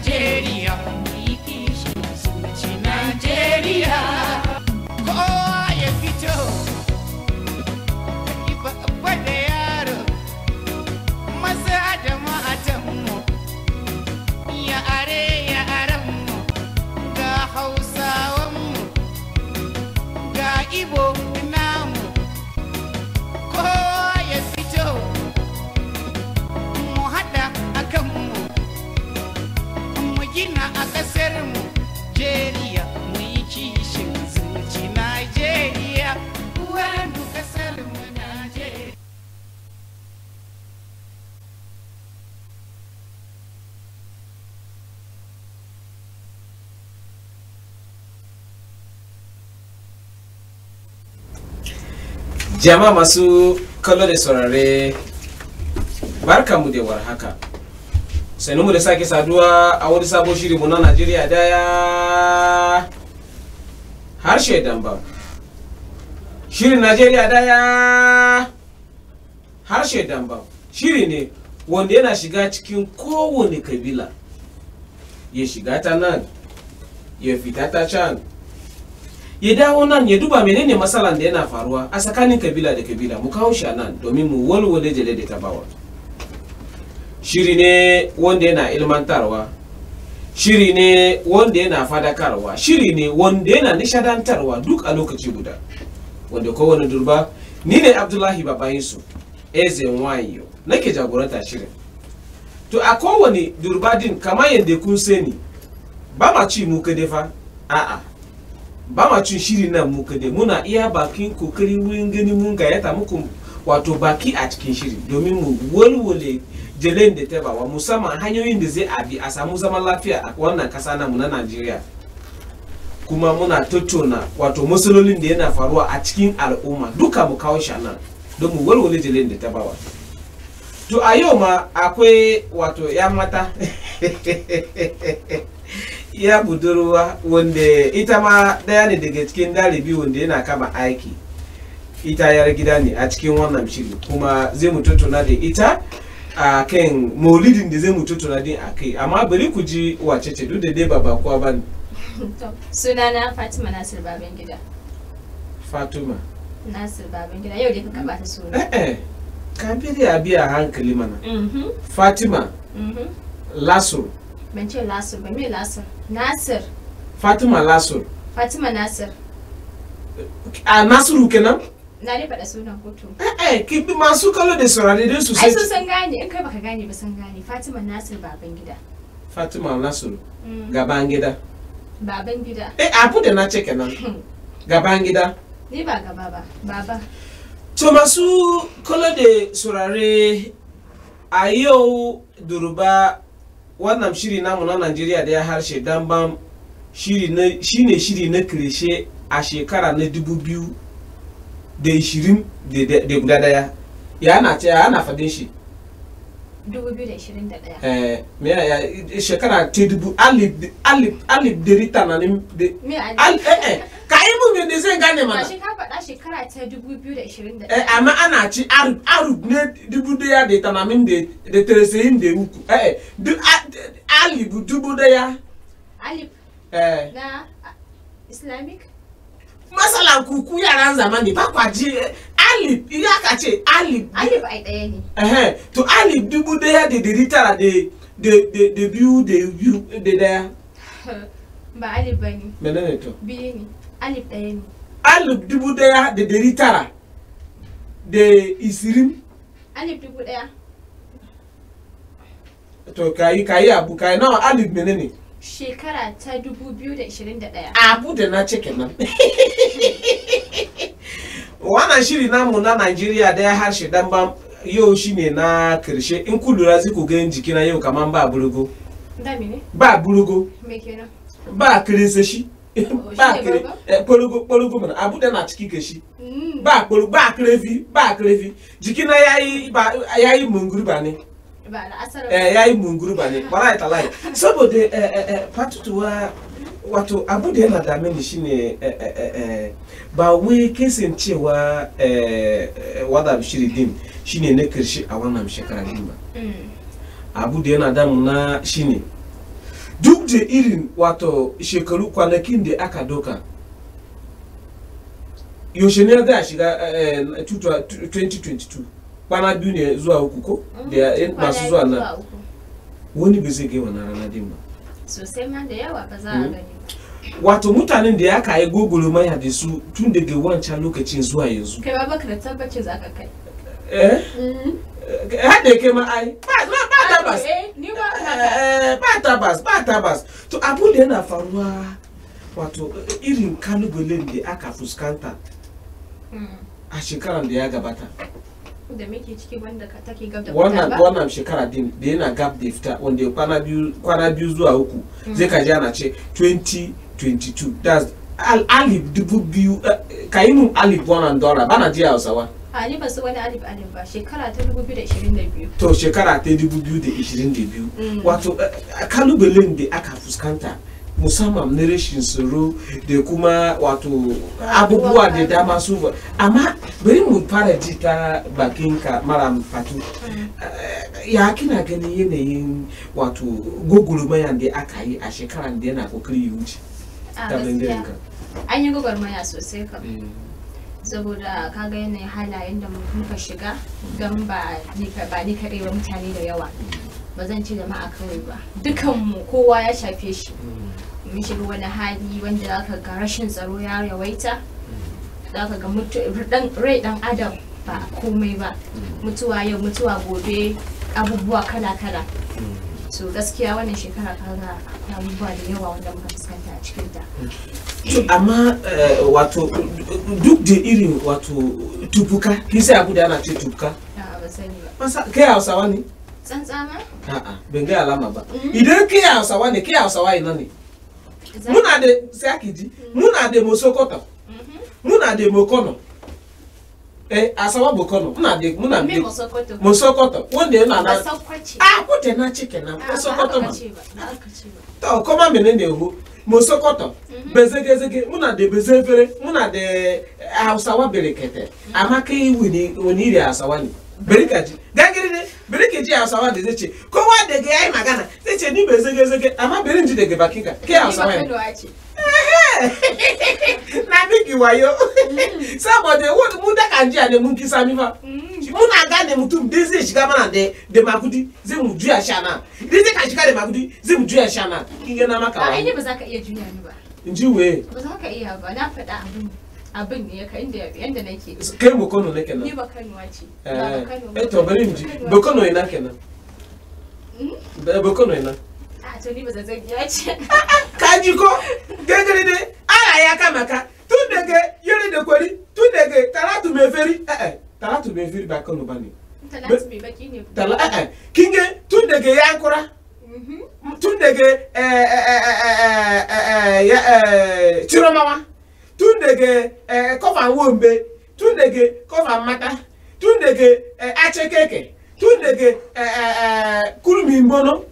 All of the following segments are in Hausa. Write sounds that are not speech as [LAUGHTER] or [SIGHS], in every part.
Jay. jama masu kallo da saurare barka mu da warhaka mu da sake saduwa a wani sabon shiri mu na najeriya daya harshe dambam shirin najeriya daya harshe dambam shiri ne wanda yana shiga cikin kowane kabila ya shiga ta nan ya fita ta can ya dawo nan ya duba menene matsalan da yana faruwa a tsakanin kabila da kabila mu kawo shi nan domin mu walwale jale da tabawa shiri ne wanda yana ilmantarwa shiri ne wanda yana fadakarwa shiri ne wanda yana nishadantarwa duk a lokaci guda wanda kowane durba ni ne abdullahi babayinsu eze wayo nake jagoranta shirin to a kowane durba din kamar yadda kun sani ba ma ci mu kadefa a'a ba ma cin shiri nan mu kadai muna iya bakin kokari wurin gani mun gayyata muku wato baki a cikin shiri domin mu walwale jelen da bawa musamman hanyoyin da zai abi a samu zaman lafiya a wannan kasa mu na Najeriya kuma muna tattauna wato matsalolin da yana faruwa a cikin al'umma duka mu kawo shi nan don mu walwale jelen da bawa to a yau ma akwai wato ya mata [LAUGHS] iya budurwa wanda ita ma daya ne daga cikin dalibi wanda yana kama aiki ita yar gida ne a cikin wannan shiri kuma zai mu tattauna da ita a kan maulidin da zai mu tattauna din a kai amma bari ku ji wace ce duk da dai ba ba ba bane sunana fatima nasir baban gida fatima nasir baban gida yau dai ka kaba ta suna eh eh ka a biya hankali mana mhm. fatima mhm. lasso ban ce lasur ba me lasur nasir fatima lasur fatima nasir a nasiru kenan na dai faɗa sunan kotu eh, eh ki bi masu kallo da saurare dai su sai ai sun san gane in kai baka gane ba sun gane fatima nasir baban gida fatima nasir mm. gaban gida baban gida eh abu da na ce kenan [LAUGHS] gaban gida ni ba gaba ba baba to masu kallo da saurare a yau duruba wannan shiri namu na najeriya daya harshe dan ban shine shiri na karshe a shekara na dubu biyu da ishirin da guda daya ya na ce ya na fadin shi 2021 eh, me ya shekara ta dubu alif alif alif dari tananin alif eh, eh ka yi mun yadda zai gane mana shi ka faɗa shekara ta 2021 eh amma ana ci arab ne dubu daya da tamamin da da da uku eh, eh duk dubu daya alif eh na islamic masala kuku yaran zamani ba kwa eh, iya ka ce alif alif ai ɗaya ne eh, eh to alif dubu daya da dari tara da da biyu da biyu da daya [LAUGHS] ba alif ba ne menene to biyu ne alif ɗaya ne alif dubu daya da dari tara da isirin alif dubu ɗaya to kayi kayi abu kayi nawa alif ne. shekara ta dubu biyu da ishirin da daya. abu da na ce kenan [LAUGHS] wannan shiri namu na nigeria daya harshe dan ba yau shine na karshe in ku lura zai ku ganin jikina yau kaman ba burugo ba burugo ba kirisa [LAUGHS] kporogo eh, mana abụda na chikikeshi bakporo bakrevi bakrevi jikina yayi ba yayi munguru bani eh yayi munguru bani bara [LAUGHS] ita lai saboda eh, eh, patutuwa wato abu da na dame ni shine ba wai kesin cewa wada shiri din shine hmm. na karshe a wannan shekara din ba abu da yana damuna shine duk da irin wato shekaru kwanakin da aka doka yaushe ne za a shiga 2022 eh, eh, kwana biyu ne zuwa uku ko mm, da masu zuwa na wani bai zai gaiwa na rana din ba sosai ma da yawa ba za a mm. gani wato mutanen da ya kayi gogoro maya da su tun daga wancan lokacin zuwa yanzu kai ba baka da tabbacin za ka kai eh mm. har da ke ma ai ba tabas eh, eh, eh, ba tabas ba tabas to abu da yana faruwa wato irin kalubalen da aka fuskanta a shekaran da ya gabata da muke ciki wanda take gab da wannan wannan shekara din da yana gab da fita wanda kwana biyu kwana biyu zuwa uku mm. zai ka ji ana ce 2022 that's alif dubu biyu ka alif wannan dora bana ji hausawa a wani alif alif ba shekara ta 2022 to shekara ta 2022 mm. wato eh, eh, kalubalen da aka fuskanta musamman na rashin tsoro da kuma wato abubuwa da dama su ba amma bari mu fara ji ta bakin ka mara fatu mm. eh, ya kina ganin yanayin wato mayan da aka yi a shekaran da yana kokari yi wuce ta an yi maya sosai kam mm. saboda kaga yanayin halayen da muka shiga don ba ni kaɗai ba mutane da yawa ba zan ce jama'a kawai ba dukanmu kowa ya shafe shi mun shiga wani hali wanda zaka ga rashin tsaro ya yawaita zaka ga rai dan adam ba komai ba mutuwa yau mutuwa gobe abubuwa kala-kala so gaskiya wannan shekara kaga abubuwa da yawa wanda muka to amma uh, eh, wato duk da irin wato tubuka kin abu da ana ce tubuka kai hausawa ne tsantsama a'a ah, ah, ban alama ba mm. idan kai hausawa ne kai hausawa ina muna da sai ji mm. muna da mosokoto mhm. muna da mokono eh asawa bokono muna da muna da mosokoto mosokoto wanda yana ah, na ah ko na chicken na mosokoto ma to kuma menene ho mosokoto mhm. bezegezege mụ na debeze efere mụ na de eh, hausawa berekete mhm. amaka iwi oniri asawani berikaji gagiride berikeji hausawa de zeche kowa dege ai magana zeche ni bezegezege ama berinji dege bakika ke hausawa na big wayo saboda wani mun da kajiya ne mun kisa mifa muna gane mutum dai zai shiga mana da da makudi zai mu juya sha na dai zai ka shiga da makudi zai mu juya sha na kin ga na maka ba ai ne ba za ka iya juya ni ba in ji we ba za ka iya ba na faɗa abin abin ne ya kai inda yanda nake kai mu kono ne kenan ni ba kanuwa ce ba eh, kano eh to bari mu ji ba kono ina kenan hmm? ba kono ina a to ni ba zazzabiya ce ka ji ko daidai dai ala ya kama ka tun daga yiri da kwari tun daga talatu mai feri eh talatu mai feri ba kano ba ne talatu mai baki ne tala eh kinge tun daga yankura tun daga ciromawa tun daga kofa wombe tun daga kofa mata tun daga achekeke tun daga kurumi mbono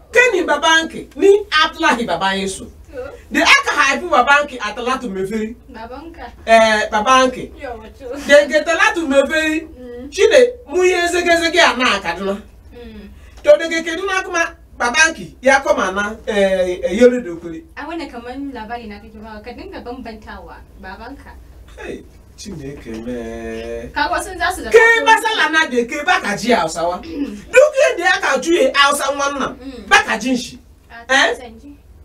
keni babanki ni atlahi baba yesu de aka haifi babanki atalatu meferi eh babanki de getalatu meferi mm. shine muye zegezege a mm. eh, eh, na kaduna to daga kaduna kuma babanki ya koma na yoro da kuri a wani kamar labari na kake ba ka wa bambantawa babanka Chineke mee. Ka wasu za su da. Kai masala na da bakaji baka mm. Duk yadda ya ka juye Hausan wannan mm. baka jin shi. Eh?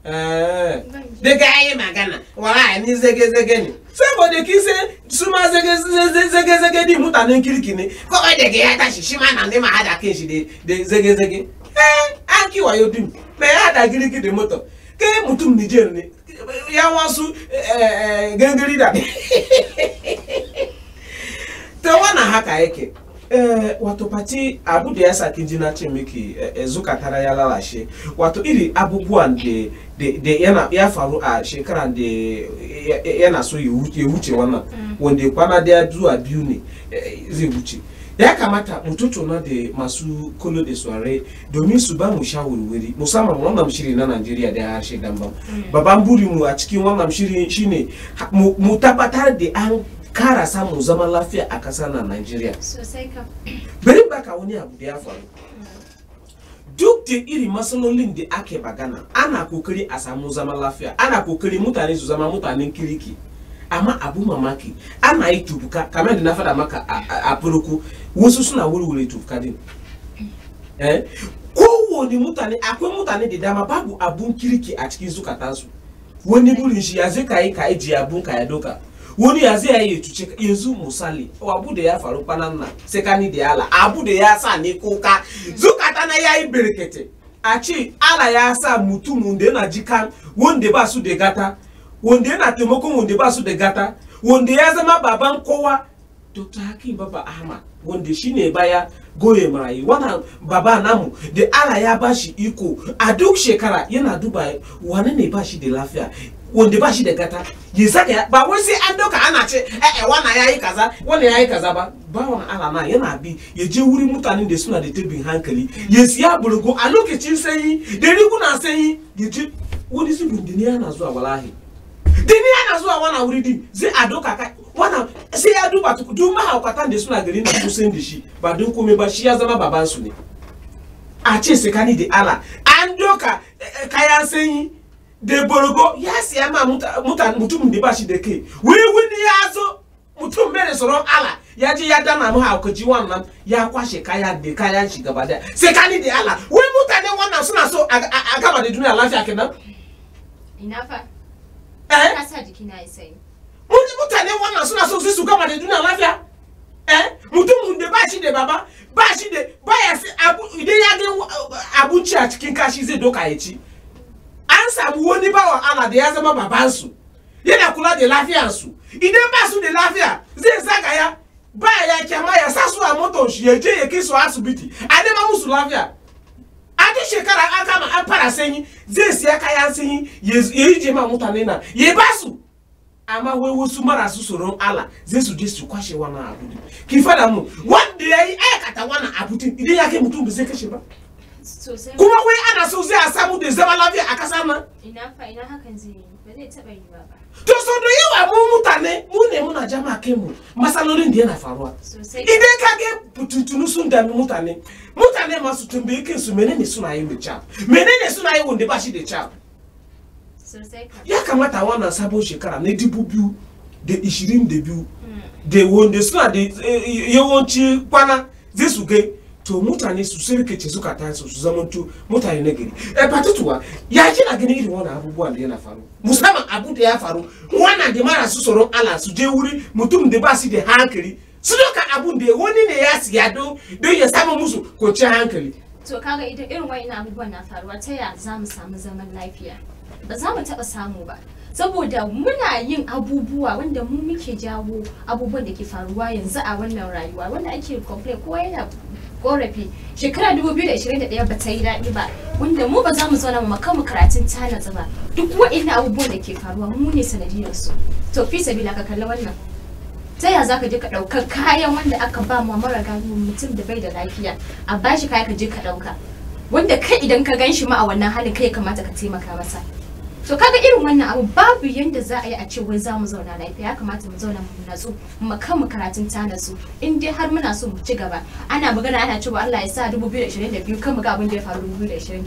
Eh. Da ga yi gana wala ni zage-zage ne. Saboda kin sai su ma zage-zage ne mutanen kirki ne, kawai daga ya tashi shima na nema hada kan shi da zage-zage. ee aki wayo dum na ya ada girigidi moto ke mutum niger ne ya wasu eh, eh, gangari da [LAUGHS] ta wana haka yake eh, wato pati abu da ya saki jina ce miki zukatara ya lalashe wato iri abubuwan de ya faru a shekaran da yana so ya wuce wannan mm. wanda kwana daya zuwa biyu ne zai wuce ya kamata na da masu kolo da suware domin su ba mu shawarwari musamman wannan shiri na najeriya da harshe damban mm. babban mu a cikin wannan shiri shine mu tabbatar da an kara samun zaman lafiya a ƙasar na najeriya bari baka wani abu da ya faru mm. duk da irin matsalolin da ake magana ana kokari a samu zaman lafiya ana kokari mutane su zama mutanen kiriki ama abu mamaki ana yi tubuka kamar da na faɗa maka a farko wasu suna wurwure tubuka din mm. eh kowane mutane akwai mutane da dama babu abun kirki a cikin su wani burin shi ya zai kayi ka ji abun ka ya doka wani ya zai yi cuce yanzu musali abu da ya faru kwanan na sai ka ni da ala abu da ya sa ne kuka zukata na ya yi birkete a ce ala ya sa mutumin da yana jikan wanda ba su da gata wanda yana taimakon wanda ba su da gata wanda ya zama baban kowa dr hakim baba ahmad wanda shine baya goye marayu wana baba namu da ala ya bashi iko a duk shekara yana duba wani ne bashi da lafiya wanda shi da gata ya saka ba wai sai an doka ana ce eh eh yayi kaza wani yayi kaza ba bawan ala na yana bi ya je wuri mutanen da suna da tabin hankali ya siya burgo a lokacin sanyi da riguna sanyi ya je wani su bindiniya na zuwa walahi. dini yana zuwa wana wuri din zai a doka ka wana sai ya duba tuku duk mahaukatan da suna garin da sun da shi ba don komai ba shi ya zama baban su ne a ce tsakani da ala an doka e, e, kayan sanyi da borgo ya siya ma mutum da ba shi da kai wiwin ya zo mutum mere tsoron ala ya je ya dana mu haukaci wannan ya kwashe kaya da kayan shi gaba daya tsakani da ala wai mutane wannan suna so a gaba da duniya lafiya kenan ina fa ka sa jiki na yi sanyi mun ji suna so su gama da duniya lafiya mutumin munde ba shi da baba ba shi da baya idan ya Abu abinci a cikin kashi zai doka ya ci an samu wani bawan Allah da ya zama babansu yana kula da lafiyarsu idan ba su da lafiya zai zagaya ba ya kyama ya sa su a motar shi ya je ya kai su asibiti a nema musu lafiya a shekara an kama an fara sanyi zai siya kaya sanyi ya yi jema mutane na ye ba su amma wai wasu marasu tsoron ala zai su je su kwashe wannan abu din ki fada mu wanda yayi aikata wannan abu din idan ya kai mutum ba zai kashe ba kuma wai ana so zai a samu da zama lafiya a kasa nan ina fa ina hakan zai yi to so yawa mu mutane mu ne muna jama kai mu masalolin da yana faruwa idan ka ga bututunu sun dami mutane mutane masu tambayi kansu menene suna yi mai cap menene suna yi wanda ba shi da cap ya kamata wannan sabon shekara na dubu biyu da ishirin da biyu mm. da wanda suna da eh, yawanci kwana zai su gai to mutane su sirkice suka ta su su zamanto mutane na gari e eh, batutuwa ya ji a gani irin wannan abubuwan da yana faru musamman abu da ya faru wannan da mara su tsoron Allah su je wuri mutum da ba su da hankali su doka abun da wani ne ya siya don ya samu musu ko ci hankali to kaga idan irin wani abubuwan na faruwa ta ya za mu samu zaman lafiya ba za mu taɓa samu ba saboda muna yin abubuwa wanda mu muke jawo abubuwan da ke faruwa yanzu a wannan rayuwa wanda ake complain kowa yana korafi shekara 2021 ba ta yi daɗi ba wanda mu ba za mu zauna mu makamu karatun tana ba duk waɗannan abubuwan da ke faruwa mu ne sanadiyar su to fi sabila ka kalli wannan ta ya zaka je ka ɗauka kayan wanda aka ba ma mara gani mutum da bai da lafiya a bashi kaya ka je ka ɗauka wanda kai idan ka ganshi shi ma a wannan halin kai kamata ka taimaka masa so kaga irin wannan abu babu yanda za a yi a ce wai za mu zauna lafiya ya kamata mu zauna mu natsu mu kan mu karatun ta natsu in dai har muna so mu ci gaba ana magana ana cewa Allah ya sa 2022 kan mu ga abin da ya faru 2021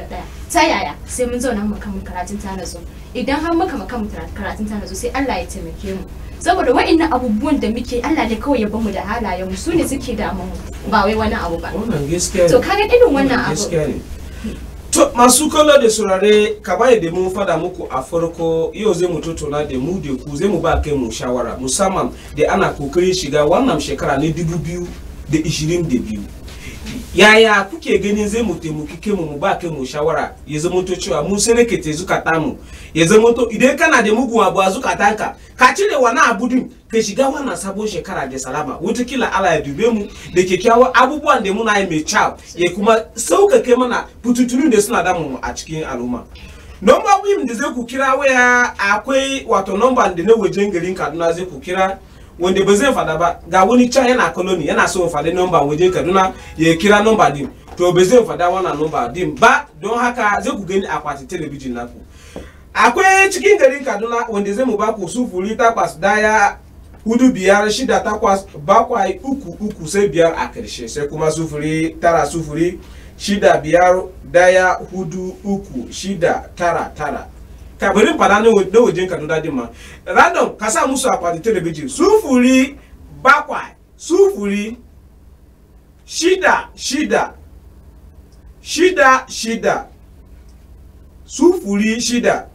ta yaya sai mun zauna mu kan mu karatun ta natsu idan har muka mu kan mu karatun ta natsu sai Allah ya taimake mu saboda wa'annan abubuwan da muke Allah ne kawai ya bamu da halayen mu su ne suke damu ba wai wani abu ba wannan gaskiya to kaga irin wannan abu To masu kallo da surare kamar yadda mun fada muku a farko yau zai mu tattauna da mu da ku zai mu ba kai mu shawara musamman da ana kokarin shiga wannan shekara ne dubu biyu da ishirin da biyu. Yaya kuke ganin zai mu taimaki kai mu ba kai mu shawara ya zama to cewa mu sai rake te zukata mu ya zama to idan kana da mugun abu a zukatanka ka cire wani abu din da shigawa na sabon shekara da salama wataƙila ala ya dube mu da kyakkyawan abubuwan da muna yi mai ya kuma sauƙaƙe mana fitintunu da suna damu a cikin al'umma. Nomba wim da zai ku kira waya akwai wato nomba da na wajen garin Kaduna ku kira wanda ba zai fada ba ga wani can yana koloni ya kira nomba din to ba zai fada wannan nomba din ba don haka zai ku gani telebijin naku. Akwai cikin garin hudu biyar shida takwas bakwai uku uku sai biyar a ƙarshe sai kuma sufuri tara sufuri shida biyar daya hudu uku shida tara tara ka bari fada na wajen kaduna din ma random ka sa musu a kwadi telebijin sufuri bakwai sufuri shida shida shida shida sufuri shida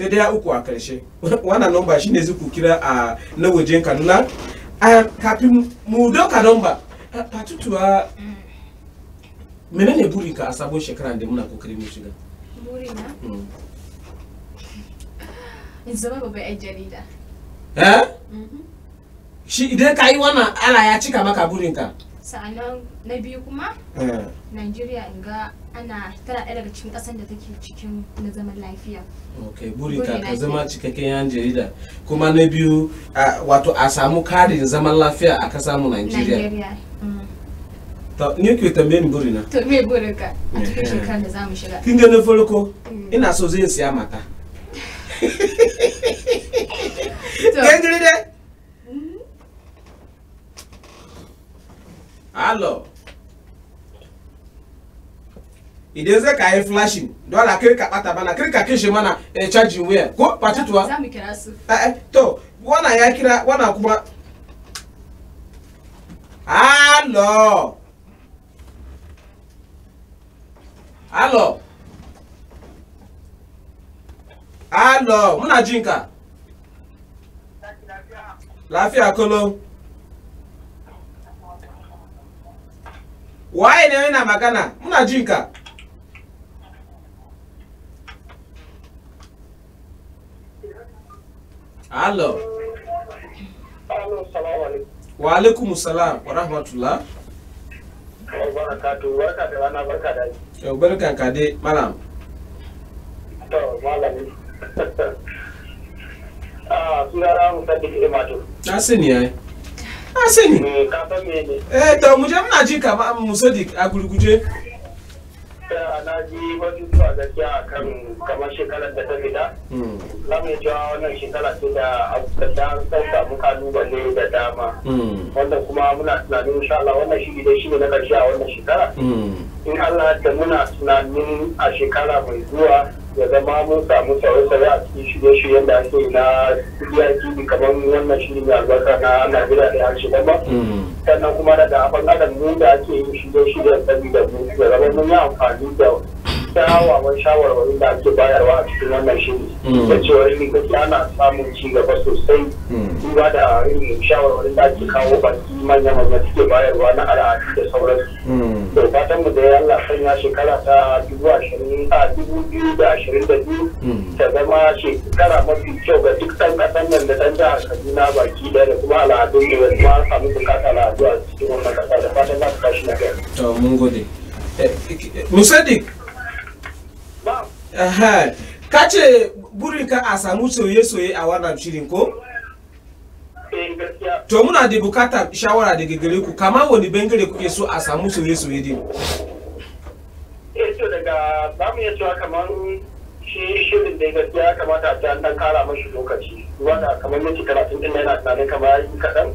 sai dai uku a karshe [LAUGHS] wannan nomba shine zuku kira a na wajen kaduna a kafin mu doka nomba patutuwa mm. menene burinka a sabon shekara da muna kokarin mu shiga burina mm. [SIGHS] in zama babban yan jarida eh mm-hmm. shi idan ka yi wannan ala ya cika maka burinka sa'anan na biyu kuma eh. Najeriya in ga ana tana ɗaya daga cikin ƙasar da take cikin na zaman lafiya ok buri ka zama cikakken yan jarida kuma na biyu wato a samu karin zaman lafiya a ƙasa mu Najeriya mm. to ni ke tambaye ni buri na to me burin ka a cikin eh, shekarar eh. da za mu shiga kin ga na farko mm. ina so zai siya mata Yan [LAUGHS] jarida alo ideze ka anyị flashing dọla kirika kpataba na kirika kishi mana echaji nwe ya ko ee, to wana ya kira wana kuma alo alo alo mụ na jinka lafiya kolo waye ne yana magana muna jin ka Allo. Wa alaikum salam wa rahmatullah. Yau barka ka dai malam. To malami. [LAUGHS] Ah, sunana Musa Dikiri Mato. Na sani yi. na ah, sani eh, eh to mu je muna ji ka ba mu sadiq a gurguje eh, na ji wani zuwa gaskiya a kan kamar shekarar da ta fita hmm. za mu cewa wannan shekara ce da abubuwan da samu kalubale da dama hmm. wanda kuma muna tunanin insha Allah wannan shi da shi ne na karshe a wannan shekara hmm. in Allah da muna tunanin a shekara mai zuwa ya zama mun samu sauye-sauye a cikin shirye-shiryen da ake na CDITV kamar wannan shirin ne albarka na Najeriya da harshe ba. Mm. Sannan kuma daga abin adam mu da ake yin shirye-shiryen sabida mu ya zama mun yi amfani da kyawawan shawarwarin da ake bayarwa a cikin wannan shiri mm. da cewa gaskiya ana samun ci gaba sosai mm. duba da irin shawarwarin da ake kawo baki manya manya suke bayarwa na al'adu da sauransu mm. fatan mu da ya Allah sanya shekara ta dubu ashirin a dubu biyu da ashirin da biyu ta zama shekara mafi kyau ga duk ɗan ƙasan nan da ɗan jihar Kaduna baki ɗaya da kuma al'adun da ma samu bukata al'adu a cikin wannan ƙasa da fatan za su tashi na to mun gode. Eh, eh, Musadik ka ce burinka a samu soye-soye a wannan shirin ko? Eh, to muna da bukatar shawara daga gare ku kama wani bangare kuke so a samu soye-soye din eh, daga ba mu iya cewa kamar shi shirin da gaskiya kamata a ce an dan kara mashi lokaci wanda kamar minti talatin din yana tunanin kamar yi kaɗan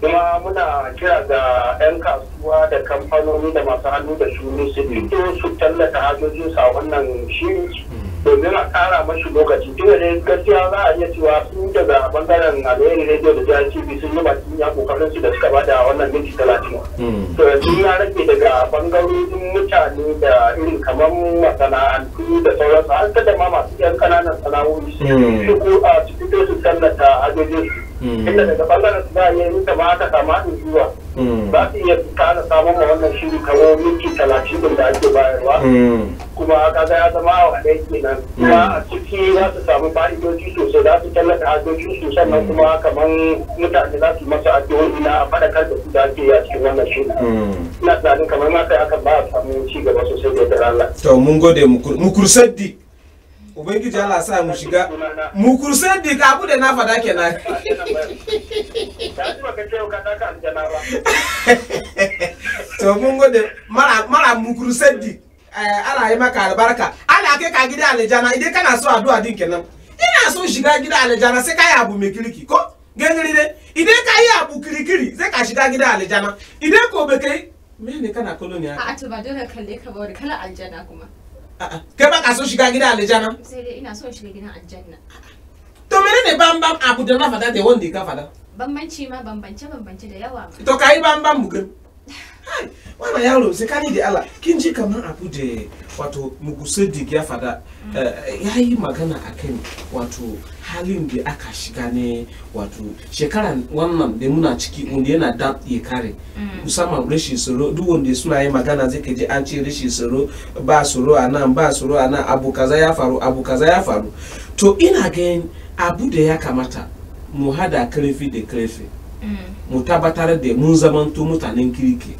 kuma muna kira ga 'yan kasuwa da kamfanoni da masu hannu da shuni su fito su tallata hajojin sa wannan shiri domin a kara mashi lokaci tun da gaskiya za a iya cewa su daga bangaren alayyar radio da jihar cibi sun yi bakin ya kokarin su da suka bada wannan minti talatin hmm. to yanzu ya rage daga bangarorin mutane da irin kamar masana'antu da sauransu har kada ma masu yan kananan sana'o'i hmm. su fito su tallata hajojin su Hmm. inda daga bangaren su za a yi ta ba aka samu zuwa hmm. za su iya kara samun ma wannan shiri kamar minti talatin din da ake bayarwa hmm. kuma kaga ya zama a wadai kenan kuma a ciki za su samu fa'idoji sosai za su tallata hajoji su sannan kuma kamar mutane za su masa addu'o'i na a faɗakar da su da ake yi a cikin wannan shiri ina tunanin kamar ma kai akan ba a samu ci gaba sosai da Allah. to mun gode mukur ubangiji Allah sa mu shiga mu crusade ka abu da na fada kenan to mun gode mara mara mu eh ana yi maka albarka Allah kai ka gida aljana idan kana so addu'a din kenan ina so shiga gida aljana sai kai abu mai kirki ko gangare ne idan ka yi abu kirikiri sai ka shiga gida aljana idan ko bai kai me ne kana koloniya a to ba dole kalle ka ba wani kala aljana kuma Ke ba ka so shiga gida aljanna sai dai ina so shiga gidan aljanna to menene bambam abu da na fada da wanda ka fada bambanci ma bambance bambance da yawa to kai bambam mu gani wannan yaro tsakani da Allah kin ji kamar abu da wato mugusadik ya fada ya mm. uh, yi magana a akan wato halin da aka shiga ne wato shekara wannan da muna ciki wanda yana da ya kare musamman mm. rashin tsaro duk wanda suna yi magana zai ka ji an ce rashin tsaro ba tsaro a nan ba tsaro a nan abu kaza ya faru abu kaza ya faru to ina ganin abu da ya kamata mu hada karfi da karfi Mm. mu tabbatar da mun zamanto mutanen kirki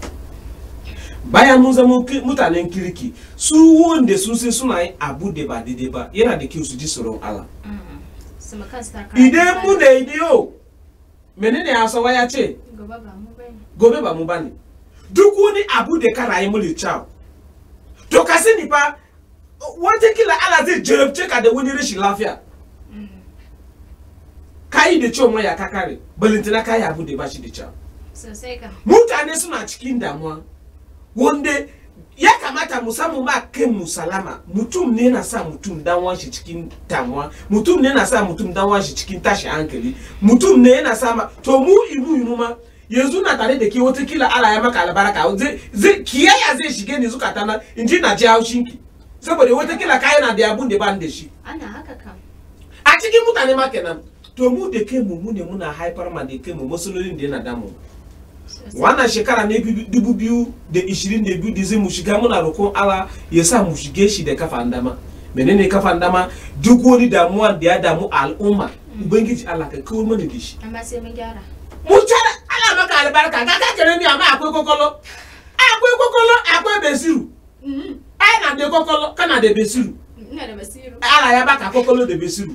bayan mun zama mutanen kirki su wanda sun sai suna yin abu da ba daidai ba yana da kyau su ji tsoron Allah mm. idan mu da idiyo menene sawa ya ce gobe ba mu ne duk wani abu da ka rayu muli chao to ka sani fa wata kila Allah zai jarabce ka da wani rashin lafiya ka yi da ciwon ya ka kare balintina ka yi abu da ba shi da ciwon mutane suna cikin damuwa wanda ya kamata mu samu ma kai mu salama mutum ne na sa mutum danwa shi cikin damuwa mutum ne na sa mutum danwa shi cikin tashi hankali mutum ne yana sa ma to mu ibu yunu ma yanzu na tare da ke kila ala ya maka albaraka zai kiyaya zai shige ni zukata na inji na ji haushin ki saboda kila ka na da abun da ba da shi ana haka kam a cikin mutane ma kenan to mu da kai mu ne muna haifar ma da kai mu matsalolin da yana damu wannan shekara ne dubu biyu da ishirin da biyu da zai mu shiga muna roƙon ala ya sa mu shige shi da kafa dama menene kafa dama duk wani damuwa da ya damu al'umma mm. ubangiji allah ka kawo mana da shi amma sai mun gyara mu gyara allah maka albarka ka ka jere ni amma akwai kokolo akwai kokolo akwai besiru mm. ai na da kokolo kana da besiru ina da besiru allah ya baka kokolo da besiru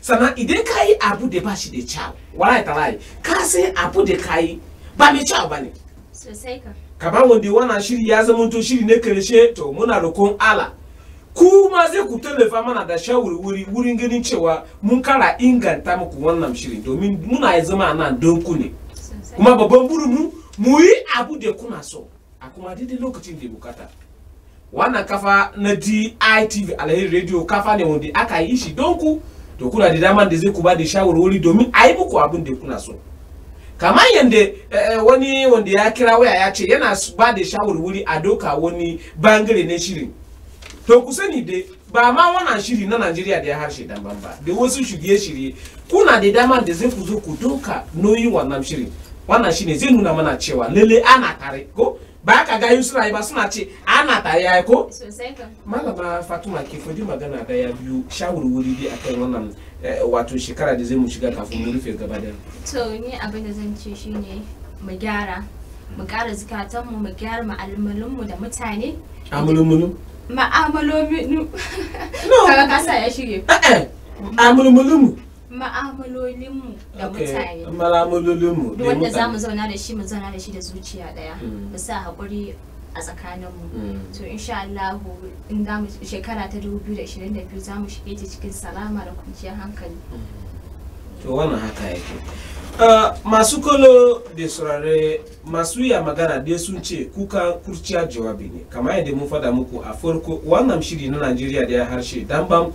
sannan idan ka yi abu da ba shi da kyau wallahi talahi ka san abu da ka yi ba mai kyau ba ne sosai ka kamar wanda wannan shiri ya zama to shiri na karshe to muna roƙon ala kuma zai ku tallafa mana da shawarwari wurin ganin cewa mun kara inganta muku wannan shiri domin muna ya zama nan don ku kuma babban burin mu yi abu da kuna so a kuma daidai lokacin da bukata wannan kafa na DITV alheri radio kafa ne wanda aka yi shi don ku to kuna da dama da zai ku ba da shawarwari domin a yi muku abin da kuna so kamar yadda eh, eh, wani wanda ya kira waya ya ce yana ba da shawarwari a doka wani bangare na shirin to ku sani dai ba ma wannan shiri na najeriya da ya harshe daban ba da wasu shirye shirye kuna da dama da zai ku zo ku doka noyi wannan shirin wannan shine zai nuna mana cewa lalle ana tare ko ba ka ga yusra ba suna ce ana ta ya ko malama fatuma ke fadi magana da ya biyu shawarwari dai akan wannan eh, wato shekara da zai mu shiga kafin mu rufe gaba da to ni abin da zan ce shine mu gyara mu ƙara zukatanmu mu gyara mu da mutane amulmulu ma'amalominu kaga kasa ya shige eh, eh. amulumulu ma'amalolinmu da mutane ma'amalolinmu da wanda za mu zauna da shi mu zauna da shi da zuciya daya hmm. mu sa haƙuri a tsakaninmu hmm. to insha Allah in za mu shekara ta 2022 za mu shige ta cikin salama da kwanciyar hankali hmm. to wannan haka yake ah, masu kolo da surare masu ya magana dai sun ce kuka kurciya jawabi ne kamar yadda mun faɗa muku a farko wannan shiri na Najeriya da ya harshe dan bam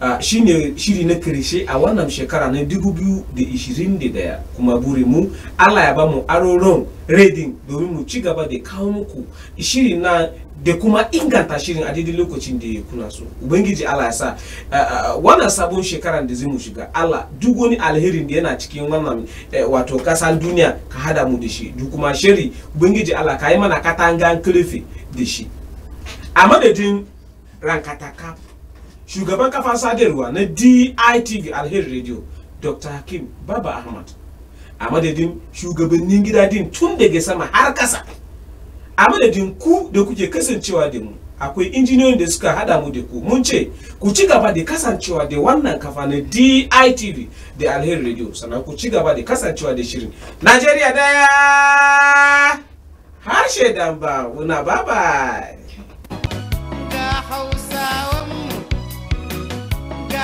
Ah, shine shiri na karshe a wannan shekara na 2021 kuma mu allah ya bamu aroron redin domin mu ci gaba da kawo muku shiri na da kuma inganta shirin a daidai lokacin da kuna so ubangiji allah ya sa ah, ah, wannan sabon shekaran da zai mu shiga allah duk wani alherin da yana cikin wannan eh, wato kasar duniya ka hada mu da shi duk kuma shiri ubangiji allah ka yi mana katangan kilifi da shi a madadin rankataka shugaban kafa sadarwa na DITV Alheri Radio Dr. Hakim Baba Ahmad a madadin shugabannin gida din tun daga sama har kasa a madadin ku da kuke kasancewa da mu akwai injiniyoyin da suka hada mu da ku mun ce ku ci gaba da kasancewa da wannan kafa na DITV da Alheri Radio sannan ku ci gaba da kasancewa da shirin Najeriya daya harshe damba wuna bye bye